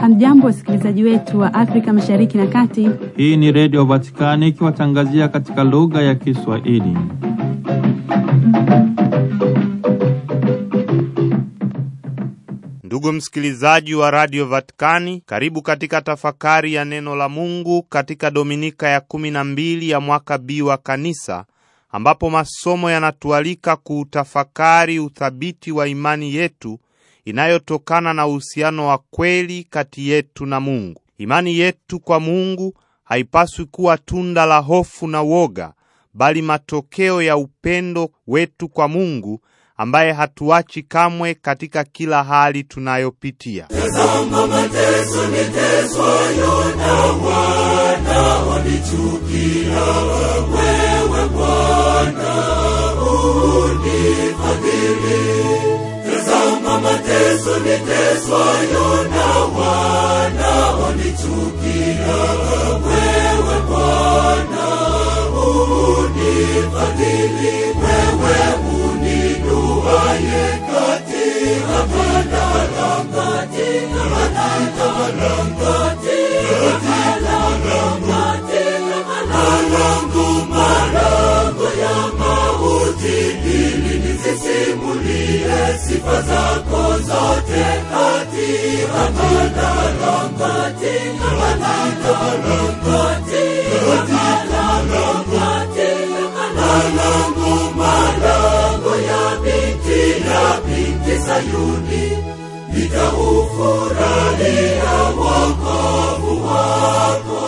Hamjambo, wasikilizaji wetu wa Afrika Mashariki na Kati. Hii ni Redio Vatikani ikiwatangazia katika lugha ya Kiswahili. Ndugu msikilizaji wa Radio Vatikani, karibu katika tafakari ya neno la Mungu katika Dominika ya kumi na mbili ya mwaka B wa Kanisa ambapo masomo yanatualika kuutafakari uthabiti wa imani yetu inayotokana na uhusiano wa kweli kati yetu na Mungu. Imani yetu kwa Mungu haipaswi kuwa tunda la hofu na woga, bali matokeo ya upendo wetu kwa Mungu ambaye hatuachi kamwe katika kila hali tunayopitia. Tazama mateso niteswayo na wanichukia mimi tazama mateso niteswayo na wanaonichukia wewe bwana unifadhili sifa zako zote hati hapana longoti hapana longoti hapana longoti malango malango ya binti ya binti Sayuni nitaufurahia wokovu wako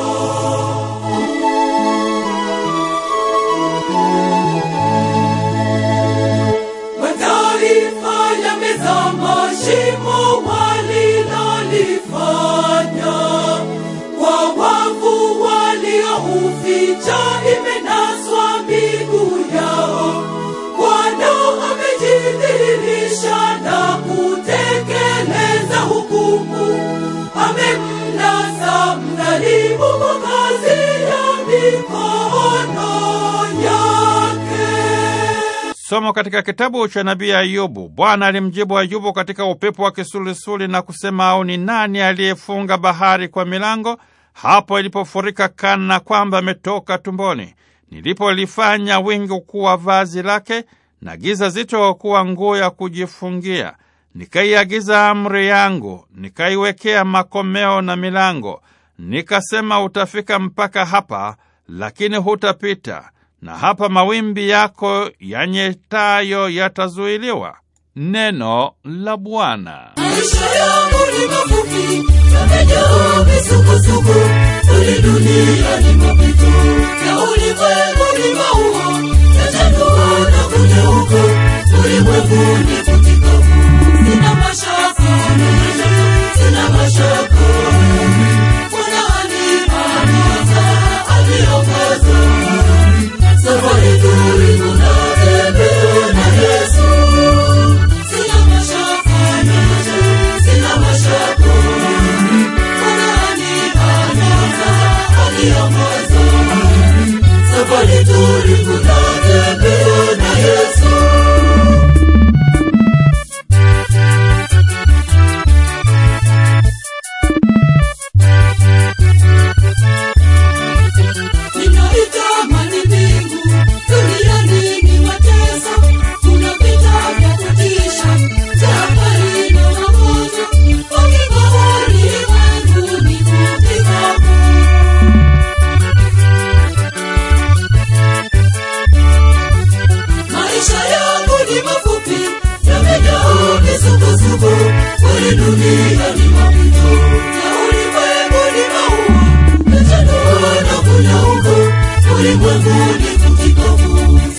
Somo katika kitabu cha nabii Ayubu. Bwana alimjibu Ayubu katika upepo wa kisulisuli na kusema, au ni nani aliyefunga bahari kwa milango hapo ilipofurika kana kwamba ametoka tumboni? Nilipolifanya wingu kuwa vazi lake na giza zito kuwa nguo ya kujifungia, nikaiagiza amri yangu, nikaiwekea makomeo na milango, nikasema, utafika mpaka hapa, lakini hutapita na hapa mawimbi yako yanyetayo yatazuiliwa. Neno la Bwana. Maisha yangu ni mafupi, yamejaa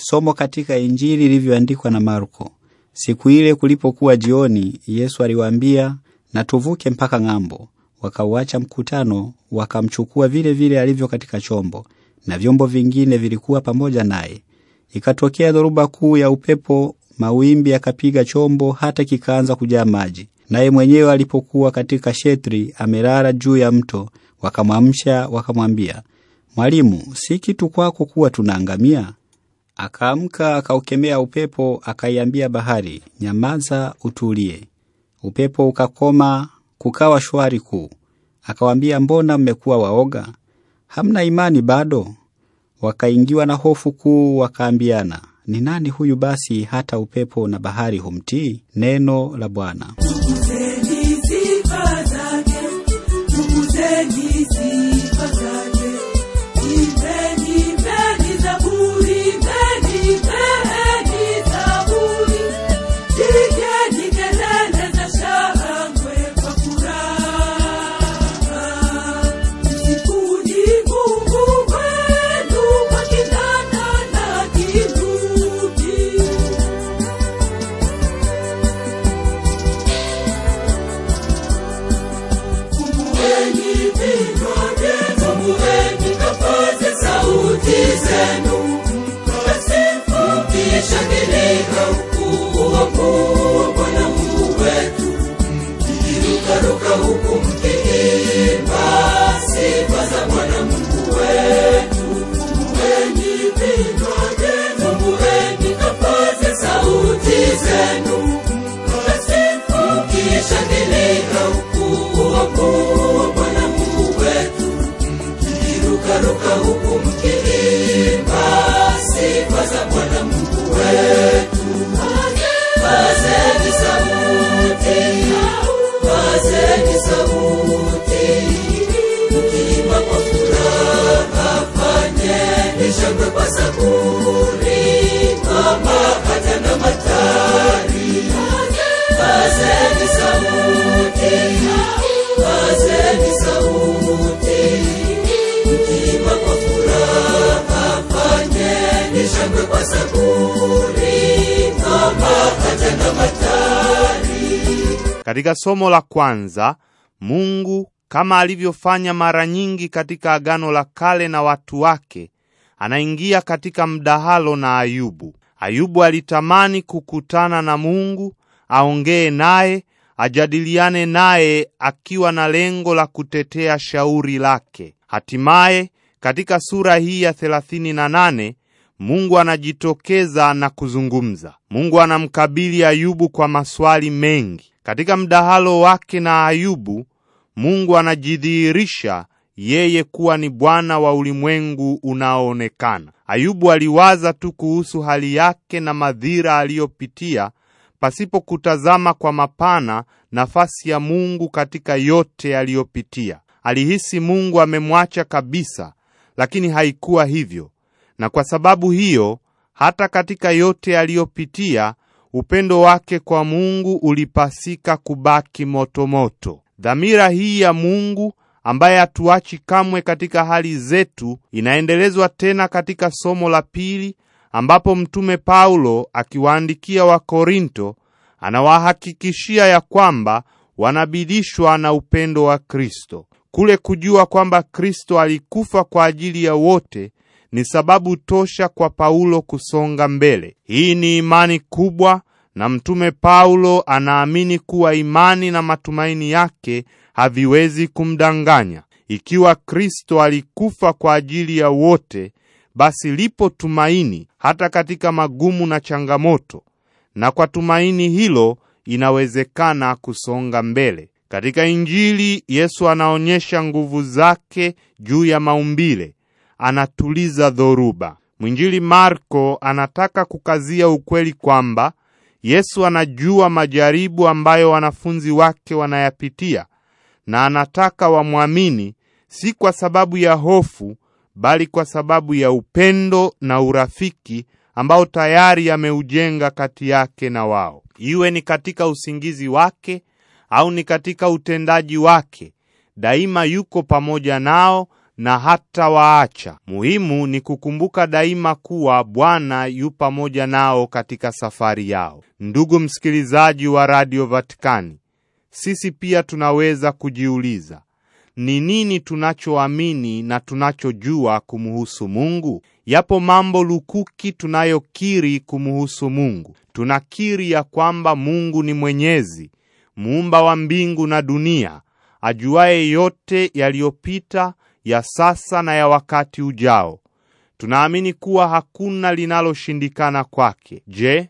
Somo katika Injili ilivyoandikwa na Marko. Siku ile kulipokuwa jioni, Yesu aliwaambia, na tuvuke mpaka ng'ambo. Wakauacha mkutano, wakamchukua vile vile alivyo katika chombo, na vyombo vingine vilikuwa pamoja naye. Ikatokea dhoruba kuu ya upepo, mawimbi yakapiga chombo, hata kikaanza kujaa maji. Naye mwenyewe alipokuwa katika shetri amelala juu ya mto, wakamwamsha wakamwambia, Mwalimu, si kitu kwako kuwa tunaangamia? Akaamka akaukemea upepo, akaiambia bahari, nyamaza, utulie. Upepo ukakoma, kukawa shwari kuu. Akawaambia, mbona mmekuwa waoga? Hamna imani bado? Wakaingiwa na hofu kuu, wakaambiana, ni nani huyu basi hata upepo na bahari humtii? Neno la Bwana. Tukuzeni sifa zake, tukuzeni sifa zake. Katika somo la kwanza, Mungu kama alivyofanya mara nyingi katika Agano la Kale na watu wake, anaingia katika mdahalo na Ayubu. Ayubu alitamani kukutana na Mungu, aongee naye, ajadiliane naye, akiwa na lengo la kutetea shauri lake. Hatimaye katika sura hii ya 38 Mungu anajitokeza na kuzungumza. Mungu anamkabili Ayubu kwa maswali mengi. Katika mdahalo wake na Ayubu, Mungu anajidhihirisha yeye kuwa ni Bwana wa ulimwengu unaoonekana. Ayubu aliwaza tu kuhusu hali yake na madhira aliyopitia pasipo kutazama kwa mapana nafasi ya Mungu katika yote aliyopitia. Alihisi Mungu amemwacha kabisa, lakini haikuwa hivyo na kwa sababu hiyo hata katika yote aliyopitia upendo wake kwa Mungu ulipasika kubaki motomoto moto. Dhamira hii ya Mungu ambaye hatuachi kamwe katika hali zetu inaendelezwa tena katika somo la pili ambapo mtume Paulo akiwaandikia Wakorinto anawahakikishia ya kwamba wanabidishwa na upendo wa Kristo, kule kujua kwamba Kristo alikufa kwa ajili ya wote ni sababu tosha kwa Paulo kusonga mbele. Hii ni imani kubwa, na mtume Paulo anaamini kuwa imani na matumaini yake haviwezi kumdanganya. Ikiwa Kristo alikufa kwa ajili ya wote, basi lipo tumaini hata katika magumu na changamoto, na kwa tumaini hilo inawezekana kusonga mbele. Katika Injili Yesu anaonyesha nguvu zake juu ya maumbile anatuliza dhoruba. Mwinjili Marko anataka kukazia ukweli kwamba Yesu anajua majaribu ambayo wanafunzi wake wanayapitia na anataka wamwamini si kwa sababu ya hofu bali kwa sababu ya upendo na urafiki ambao tayari ameujenga kati yake na wao. Iwe ni katika usingizi wake au ni katika utendaji wake, daima yuko pamoja nao na hata waacha. Muhimu ni kukumbuka daima kuwa Bwana yu pamoja nao katika safari yao. Ndugu msikilizaji wa Radio Vatikani, sisi pia tunaweza kujiuliza ni nini tunachoamini na tunachojua kumuhusu Mungu? Yapo mambo lukuki tunayokiri kumuhusu Mungu. Tunakiri ya kwamba Mungu ni mwenyezi, muumba wa mbingu na dunia, ajuaye yote yaliyopita ya sasa na ya wakati ujao. Tunaamini kuwa hakuna linaloshindikana kwake. Je,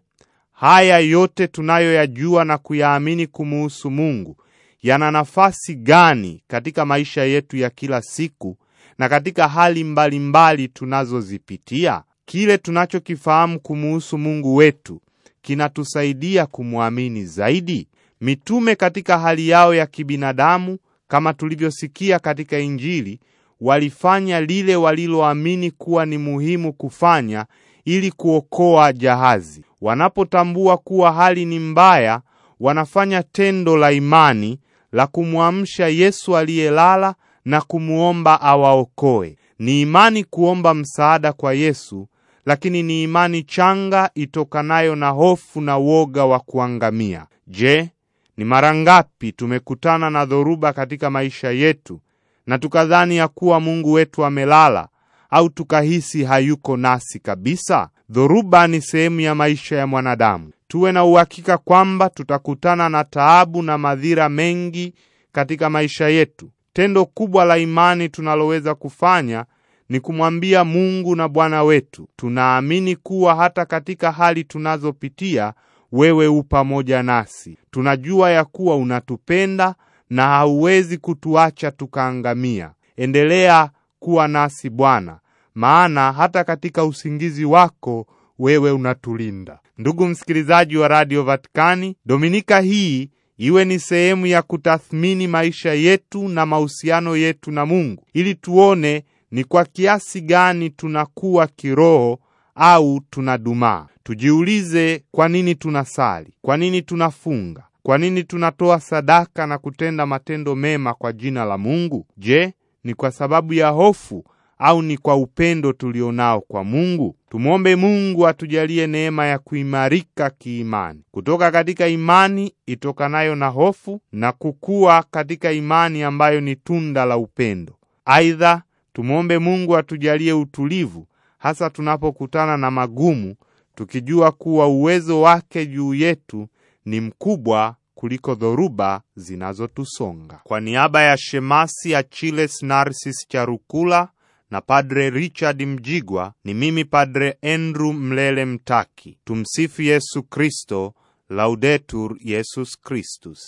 haya yote tunayoyajua na kuyaamini kumuhusu Mungu yana nafasi gani katika maisha yetu ya kila siku na katika hali mbalimbali tunazozipitia? Kile tunachokifahamu kumuhusu Mungu wetu kinatusaidia kumwamini zaidi. Mitume katika hali yao ya kibinadamu, kama tulivyosikia katika Injili, walifanya lile waliloamini kuwa ni muhimu kufanya ili kuokoa jahazi. Wanapotambua kuwa hali ni mbaya, wanafanya tendo la imani la kumwamsha Yesu aliyelala na kumuomba awaokoe. Ni imani kuomba msaada kwa Yesu, lakini ni imani changa itokanayo na hofu na woga wa kuangamia. Je, ni mara ngapi tumekutana na dhoruba katika maisha yetu na tukadhani ya kuwa Mungu wetu amelala au tukahisi hayuko nasi kabisa. Dhoruba ni sehemu ya maisha ya mwanadamu. Tuwe na uhakika kwamba tutakutana na taabu na madhira mengi katika maisha yetu. Tendo kubwa la imani tunaloweza kufanya ni kumwambia Mungu na Bwana wetu, tunaamini kuwa hata katika hali tunazopitia wewe u pamoja nasi. Tunajua ya kuwa unatupenda na hauwezi kutuacha tukaangamia. Endelea kuwa nasi Bwana, maana hata katika usingizi wako wewe unatulinda. Ndugu msikilizaji wa Radio Vatikani, Dominika hii iwe ni sehemu ya kutathmini maisha yetu na mahusiano yetu na Mungu ili tuone ni kwa kiasi gani tunakuwa kiroho au tunadumaa. Tujiulize, kwa nini tunasali? Kwa nini tunafunga? Kwa nini tunatoa sadaka na kutenda matendo mema kwa jina la Mungu? Je, ni kwa sababu ya hofu au ni kwa upendo tulionao kwa Mungu? Tumwombe Mungu atujalie neema ya kuimarika kiimani, kutoka katika imani itokanayo na hofu na kukua katika imani ambayo ni tunda la upendo. Aidha, tumwombe Mungu atujalie utulivu, hasa tunapokutana na magumu, tukijua kuwa uwezo wake juu yetu ni mkubwa kuliko dhoruba zinazotusonga. Kwa niaba ya shemasi Achiles Narcis Charukula na Padre Richard Mjigwa, ni mimi Padre Andrew Mlele Mtaki. Tumsifu Yesu Kristo, Laudetur Yesus Kristus.